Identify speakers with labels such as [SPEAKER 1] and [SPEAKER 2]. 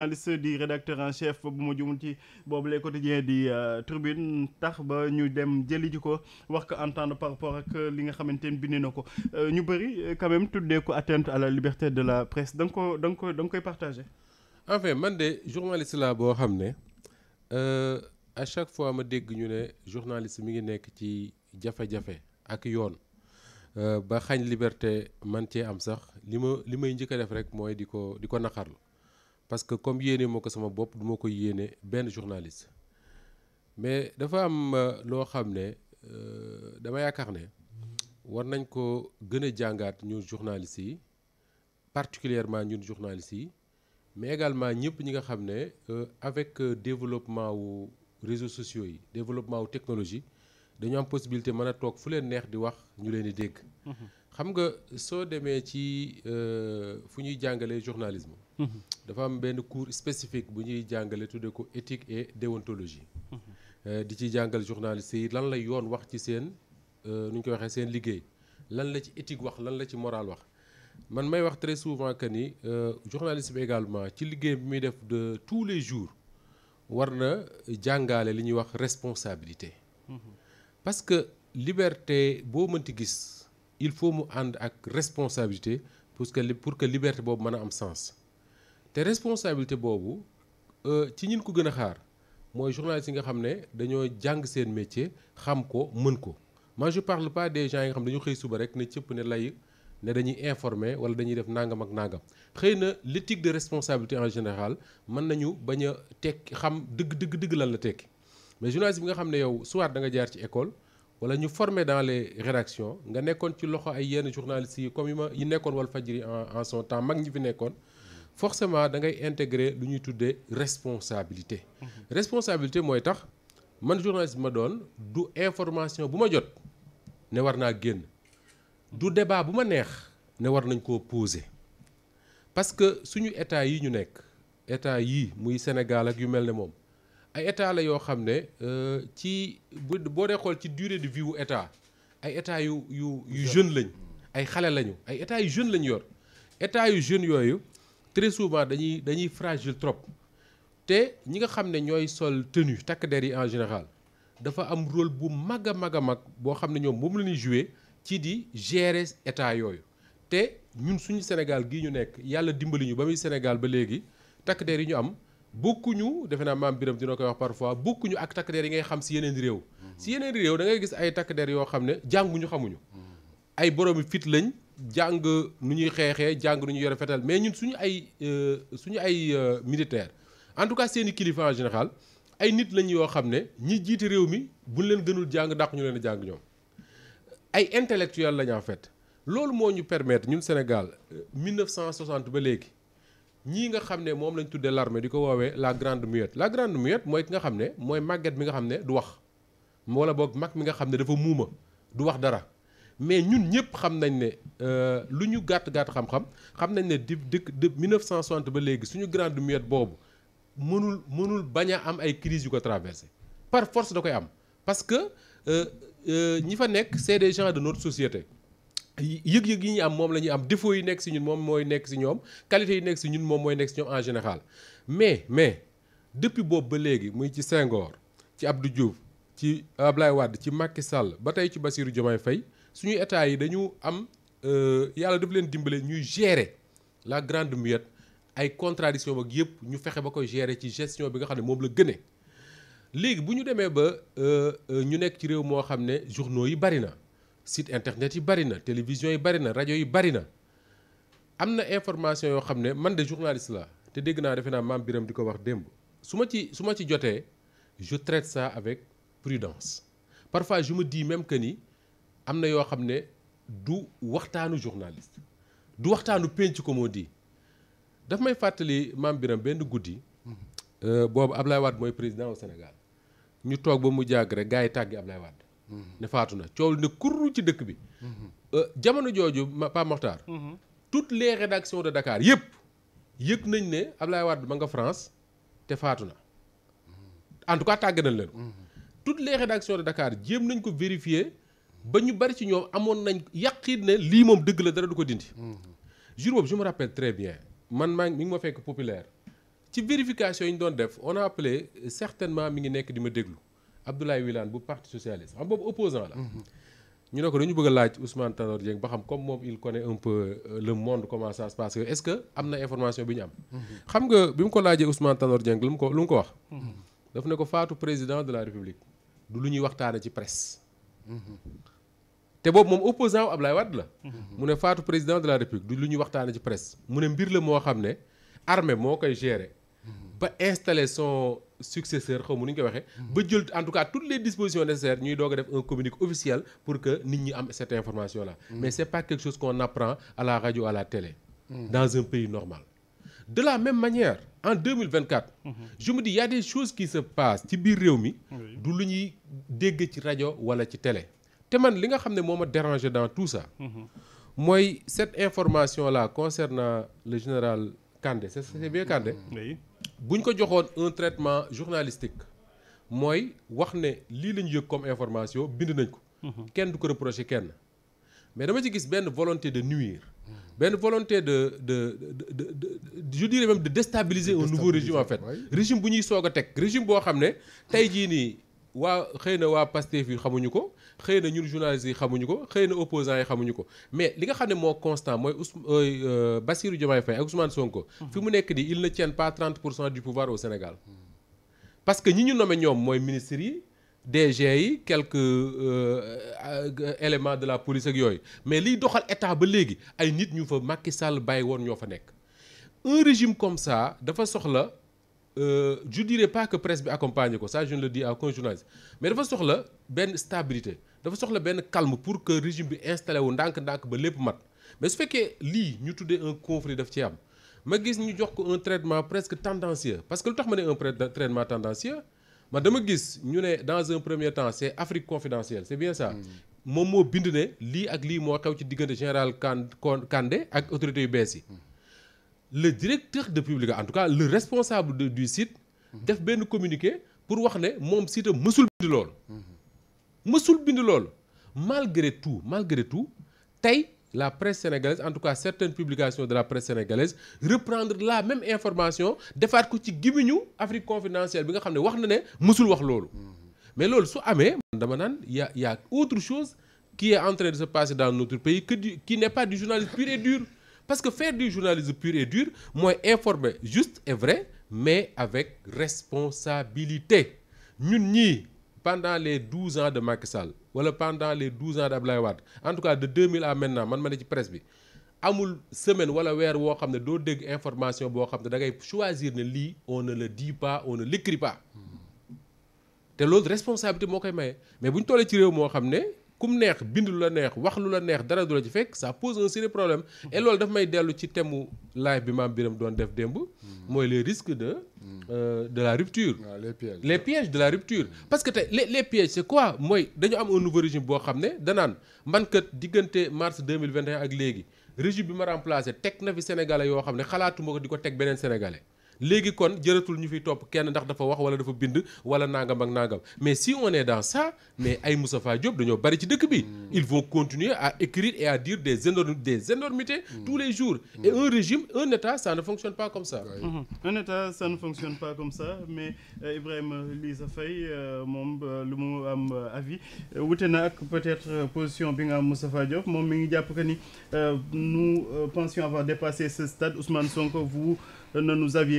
[SPEAKER 1] journaliste di rédacteur en chef bu ma jumul ci boobu les quotidiens di euh, tribune tax ba ñu dem jëli ko wax ko entendre par rapport ak li nga xamante ne bind na ko euh, ñu bëri euh, quand même tuddee ko atteinte à la de la presse da nga ko ko da koy partagé en man de journaliste laa boo xam ne à chaque fois ma dégg ñu ne journaliste mi ngi nekk ci jafe-jafe ak yoon ba xañ liberté man cee am sax li ma li may njëkk def rek mooy di ko di ko naqarlu parce que comme yéene moo ko sama bopp du ma ko yéene benn journaliste mais dafa am euh, loo xam ne euh, dama yaakaar ne war nañ ko gën a jàngaat ñu journalistes yi particulièrement ñun journalistes yi mais également ñëpp ñi nga xam ne euh, avec développement wu réseaux sociaux yi développement wu technologie dañu am possibilité mën a toog fu leen neex di wax ñu leen di dégg mhm. xam nga soo demee ci fu ñuy jàngale journalisme dafa am benn cours spécifique bu ñuy jàngale tuddee ko étique et déontologie. Euh, di ci jàngal journaliste yi lan la yoon wax ci seen euh, nu ñu koy waxee seen liggéey lan la ci éthique wax lan la ci moraal wax. man may wax très souvent que ni euh, journaliste bi également ci liggéey bi muy def de tous les jours war na jàngaale li ñuy wax responsabilité. parce que liberté boo mënti gis il faut mu ànd ak responsabilité pour que pour que liberté boobu mën a am sens. te responsabilité boobu euh, ci ñin ko gën a xaar mooy journaliste yi nga xam ne dañoo jàng seen métier xam ko mën ko moi je parle pas des gens yi nga xam ne dañu xëy suba rek ne cëpp ne lay ne dañuy informé wala dañuy def nangam ak nangam xëy na l'éthique de responsabilité en général mën nañu bañ a tekki xam dëgg dëgg dëgg lan la tekki mais journaliste bi nga xam ne yow soit da nga jaar ci école wala ñu forme dans les rédactions nga nekkoon ci loxo ay yenn journalistes yi comme yi ma yi nekkoon Walfadjri en en son temps mag ñi fi nekkoon forcément da ngay intégrer lu ñuy tuddee responsabilité. Mhm. responsabilité mooy tax man journaliste ma doon du information bu ma jot ne war naa génn du débat bu ma neex ne war nañ koo poser parce que suñu état yi ñu nekk état yii muy Sénégal ak yu mel ne moom ay état la yoo xam ne euh, ci bu boo dee xool ci durée de vie wu état ay état yu yu yu jeune lañ ay xale lañu ay état yu jeune lañu yor état yu jeune yooyu. très souvent dañuy dañuy fragile trop te ñi nga xam ne ñooy sol tenue takk der yi en général dafa am rôle bu mag a mag a mag boo xam ne ñoom moom la ñuy jouer ci di gérer état yooyu te ñun suñu Sénégal gii ñu nekk yàlla dimbali ñu ba muy Sénégal ba léegi takk der yi ñu am bokkuñu defe naa maam Biram dina koy wax parfois bokkuñu ak takk der yi ngay xam si yeneen réew. si yeneen réew da gis ay takk der yoo xam ne jànguñu xamuñu. Mm. ay boroomi fit lañ. jàng nu ñuy xeexee jàng nu ñu yore fetal mais ñun suñu ay euh, suñu ay euh, militaire en tout cas seen i kilifa en général ay nit lañ yoo xam ne ñi jiite réew mi buñ leen gënul jàng dàq ñu leen a jàng ñoom ay intellectuel lañ en fait loolu moo ñu permettre ñun Sénégal 1960 euh, ba léegi ñii nga xam ne moom lañ tuddee larme di ko woowee la grande muette la grande muette mooy ki nga xam ne mooy màgget mi nga xam ne du wax wala boog mag mi nga xam ne dafa muuma du wax dara mais ñun ñëpp xam nañ ne euh, lu ñu gàtt gàtt xam-xam xam nañ ne di dëkk de 1960 ba léegi suñu grande muette boobu mënul mënul bañ am ay crises yu ko traversé par force da koy am parce que euh, euh, ñi fa nekk c'est des gens de notre société. yëg-yëg yi ñu am moom la ñuy am défaut yi nekk ci ñun moom mooy nekk ci ñoom qualité yi nekk ci ñun moom mooy nekk ci ñoom en général mais mais depuis boobu ba léegi muy ci Senghor ci Abdou Diouf ci Ablaye wadd ci Macky Sall ba tey ci Bassirou Diomaye Faye suñuy état yi dañu am euh, yàlla daf leen dimbale ñuy gérer la grande muette ay contradiction ak yëpp ñu fexe ba koy gérer ci gestion bi nga xam ne moom la gënee léegi bu ñu demee ba euh, euh, ñu nekk ci réew moo xam ne journaux yi bari na site internet yi bari na télévision yi bari na rajo yi bari na am na information yoo xam ne man de journaliste la te dégg naa defe naa maam Biram di ko wax démb su ma ci su ma ci jotee je traite ça avec prudence parfois je me dis ni am na yoo xam ne du waxtaanu journaliste du waxtaanu penc ko di daf may fàttali maam Biram benn guddi euh, boobu Ablaye waat mooy président au Sénégal ñu toog ba mu jàgg rek gars yi tàggi Ablaye Wade mhm. ne faatu na coow ne kurru ci dëkk bi mhm. euh, jamono jooju Pa Mokhtar mhm. toutes les rédactions de Dakar yëpp yëg nañ ne Ablaye Wade ma nga France te faatu na en tout cas tàgg nañ leen toutes les rédactions de Dakar jéem nañ ko vérifier ba ñu bari ci ñoom amoon nañ yàqin ne lii moom dëgg la dara du ko dindi. Mm-hmm. jour boobu je rappelle très bien man maa mi ngi ma fekk populaire ci vérification yi ñu doon def on a euh, certainement mi ngi nekk di ma déglu Abdoulaye Wilane bu parti socialiste xam boobu opposant la. Mm-hmm. ñu ne ko dañu bëgg laaj Ousmane Tanor Dieng ba xam comme moom il connaît un peu euh, le monde comment ça est-ce que am na information bi ñu am. Mm-hmm. xam nga bi mu ko laajee Ousmane Tanor Dieng ko lu ko wax. daf ko faatu président de la République lu ñuy waxtaane ci presse. te boobu moom opposant wu Ablaye Wade la. mu ne faatu président de la république lu ñuy waxtaanee ci presse. mu ne mbir la moo xam ne armée moo koy gérer. ba installer son successeur xaw ma nu ñu koy waxee. ba jël en tout cas toutes les dispositions nécessaires ñuy doog a def un communiqué officiel pour que nit ñi am cette information là. mais c'est pas quelque chose qu'on apprend à la rajo à la télé. dans un pays normal. de la même manière. en deux mille vingt quatre. je me dis y a des choses qui se passent ci biir réew mi. du lu ñuy dégg ci rajo wala ci télé. te man li nga xam ne moo ma dérangé dans tout mhm. mooy cette information là concernant le général Kandé c'est c'est bien Kandé. Mhm. bu ñu ko joxoon un traitement journalistique. mooy wax ne lii la ñu yëg comme information bind nañ ko. Mhm. kenn du ko reproché kenn. mais dama ci gis benn volonté de nuire. benn volonté de de je dirais même de déstabiliser un nouveau régime en régime bu ñuy soog a teg régime boo xam ne tey jii nii waa xëy na waa Pastef yi xamuñu ko xëy na ñun journalistes yi xamuñu ko xëy na opposants yi xamuñu ko mais li nga xam ne moo constant mooy Ous euh, euh, Bassirou Diomaye Faye ak Ousmane Sonko. fi mu nekk nii ils ne tiennent pas 30 pour cent du pouvoir au Sénégal parce que ñi ñu nome ñoom mooy ministres yi DG yi quelques euh, éléments de la police ak yooyu mais liy doxal état ba léegi ay nit ñu fa Macky Sall bàyyi woon ñoo fa nekk un régime comme ça dafa soxla euh, je dirais pas que presse bi accompagne ko sa je le di a aucun journaliste mais dafa soxla benn stabilité dafa soxla benn calme pour que régime bi installé wu ndànk-ndànk ba lépp mat mais su fekkee lii ñu tuddee un conflit daf ci am ma gis ñu jox ko un traitement presque tendancieux parce que lu tax ma ne un traitement tendancieux man dama gis ñu ne dans un premier temps c'est Afrique confidentielle c'est bien ça. Hmm. moom moo bind ne ak lii moo xew ci diggante général Kandé ak autorités yu bees yi. Hmm. le directeur de Publica en tout cas le responsable de, du site def benn communiqué pour wax ne moom site mësul bind loolu mësul bind loolu malgré tout malgré tout tey la presse sénégalaise en tout cas certaines publications de la presse sénégalaise reprendre la même information defaat ko ci gimiñu Afrique confidentielle bi nga xam ne wax na ne mësul wax loolu mais loolu su amee dama naan yaa a y a autre chose qui est en train de se passer dans notre pays que du parce que faire du journalisme pur et dur mooy informer juste et vrai mais avec responsabilité ñun ñii pendant les douze ans de Macky Sall wala pendant les douze ans d'Abdoulaye Wade en tout cas de 2000 à maintenant man ma ne ci presse bi amul semaine wala weer woo xam ne doo dégg information boo xam ne da ngay choisir ne lii on ne le dit pas on ne l'écrit pas te loolu responsabilité moo koy maye mais bu ñu tollee ci réew moo xam ne. kum neex bind lu la neex wax lu la neex dara du la ci fekk ça pose un sérieux problème et loolu daf may dellu ci thème mu live bi maam Biram doon def démb mm. mooy les risques de mm. euh, de la rupture ah, les pièges les de la rupture mm. parce que tey les les pièges c'est quoi mooy dañu am un nouveau régime boo xam ne danaan man kat diggante mars 2021 ak léegi régime bi ma remplacé teg na fi sénégalais yoo xam ne xalaatuma ko di ko teg beneen sénégalais léegi kon jëratul ñu fi topp kenn ndax dafa wax wala dafa bind wala nangam ak nangam mais si on est dans ça mais ay Moustapha Diop dañoo bari ci dëkk bi. il vont continuer à écrire et à dire des énorm des énormités mm. tous les jours. Mm. et un régime un état ça ne fonctionne pas comme ça. Mm-hmm. un état ça ne fonctionne euh, euh, moom euh, lu mu am avis wute na ak peut-être position bi nga am Moustapha Diop moom mi ngi jàpp que ni nous pensions avoir dépassé ce stade Ousmane Sonko vous ne nous aviez